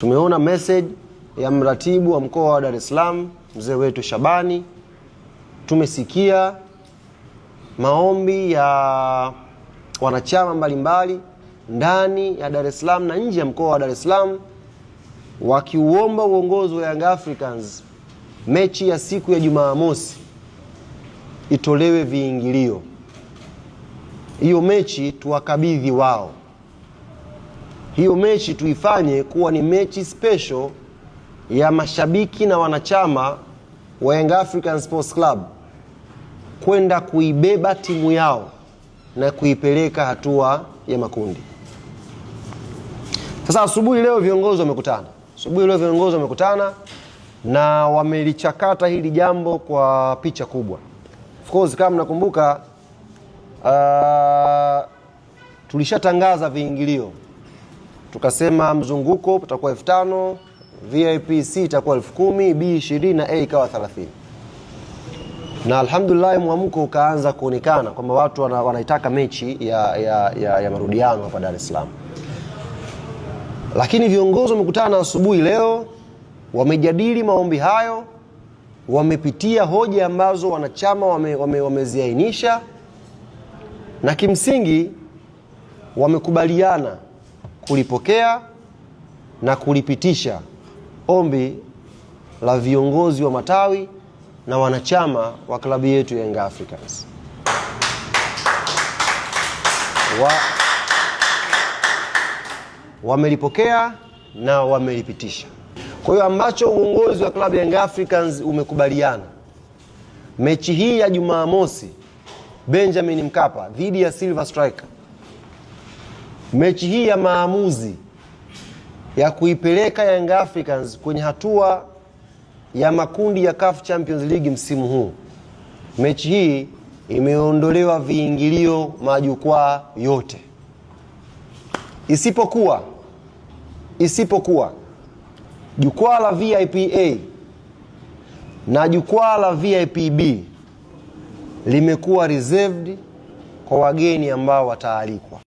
Tumeona message ya mratibu wa mkoa wa Dar es Salaam mzee wetu Shabani. Tumesikia maombi ya wanachama mbalimbali ndani ya Dar es Salaam na nje ya mkoa wa Dar es Salaam wakiuomba uongozi wa Young Africans mechi ya siku ya Jumamosi itolewe viingilio, hiyo mechi tuwakabidhi wao hiyo mechi tuifanye kuwa ni mechi special ya mashabiki na wanachama wa Young African Sports Club kwenda kuibeba timu yao na kuipeleka hatua ya makundi. Sasa asubuhi leo viongozi wamekutana, asubuhi leo viongozi wamekutana na wamelichakata hili jambo kwa picha kubwa. Of course kama mnakumbuka, uh, tulishatangaza viingilio tukasema mzunguko utakuwa elfu tano VIP C itakuwa elfu kumi B ishirini na A ikawa thelathini na alhamdulillah mwamko ukaanza kuonekana kwamba watu wana, wanaitaka mechi ya, ya, ya, ya marudiano hapa Dar es Salaam, lakini viongozi wamekutana asubuhi leo, wamejadili maombi hayo, wamepitia hoja ambazo wanachama wameziainisha wame, wame na kimsingi wamekubaliana kulipokea na kulipitisha ombi la viongozi wa matawi na wanachama wa klabu yetu ya Young Africans wa, wamelipokea na wamelipitisha. Kwa hiyo ambacho uongozi wa klabu ya Young Africans umekubaliana, mechi hii ya Jumamosi Benjamin Mkapa dhidi ya Silver Striker mechi hii ya maamuzi ya kuipeleka Young Africans kwenye hatua ya makundi ya CAF Champions League msimu huu, mechi hii imeondolewa viingilio majukwaa yote isipokuwa isipokuwa jukwaa la vipa na jukwaa la vipb limekuwa reserved kwa wageni ambao wataalikwa.